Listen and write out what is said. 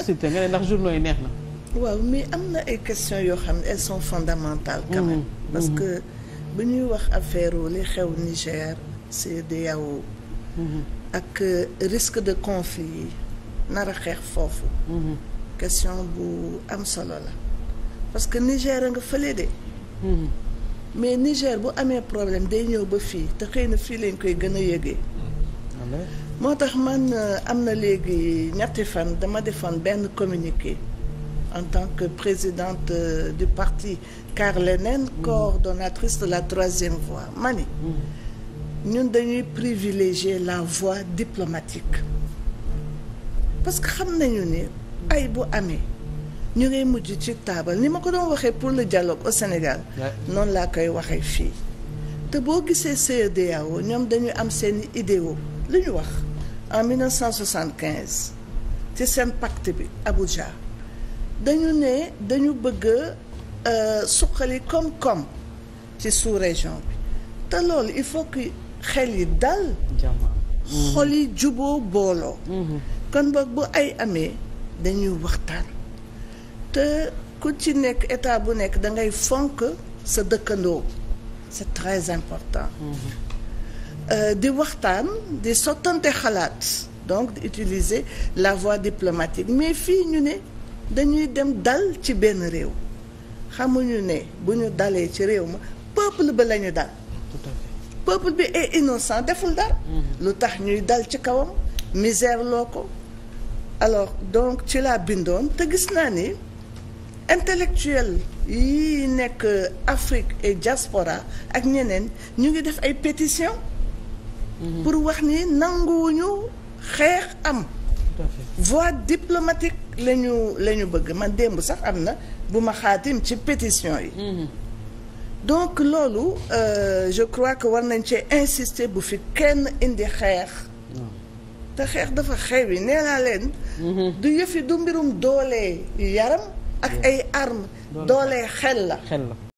nga ne ndax journaux yi neex na. waaw mais am na ay questions yoo xam ne elles sont fondamentales. quand mmh, même parce mmh. que bu ñuy wax affaire li xew Niger CEDEAO mmh. ak euh, risque de conflit yi nar a xeex foofu. question bu am solo la parce que Niger a nga fële de. mais Niger bu amee problème day ñëw ba fii te xëy na fii lañ koy gën a yëgee. moo tax man euh, am na léegi ñetti fan dama defoon benn communiqué en tant que présidente euh, du parti Car Leneen mm. coordonnatrice de la troisième voie ma ni mm. ñun dañuy privilégier la voie diplomatique parce que xam nañu ni ay bu amee ñu ngay mujj ci taabal ni ma ko doon waxee pour le dialogue au Sénégal noonu laa koy waxee fii te boo gisee CEDEAO ñoom dañu am seen i lu ñu wax en 1975 ci seen pacte bi Abuja dañu ne dañu bëgg a euh, suqali koom-koom ci sous-région bi te lool il faut que xel yi dal. xol yi juboo booloo. Mm-hmm. kon boog bu ay amee dañuy waxtaan te ku ci nekk état bu nekk da ngay fonk sa dëkkandoo. c'est très important euh, di waxtaan di sottante xalaat donc di utiliser la voie diplomatique mais fii ñu ne dañuy dem dal ci benn réew xamuñu ne bu ñu dalee ci réew ma peuple ba la ñu dal peuple bi est innocent deful dara mm-hmm. lu tax ñuy dal ci kawam misère loo ko alors donc ci laa bindoon te gis naa ni intellectuels yi nekk Afrique et jaspora ak ñeneen ñu ngi def ay pétitions. Mhm. pour wax ni nanguwuñu xeex am. voie diplomatique la ñu la bëgg man démb sax am na bu ma xaatim ci pétition yi. Mhm. donc loolu euh, je crois que war nañ cee insister bu fi kenn indi xeex. te xeex dafa xew yi nee naa leen. Mhm. du yëfi du mbirum doole yaram. ak ay armes. doole xel la xel la.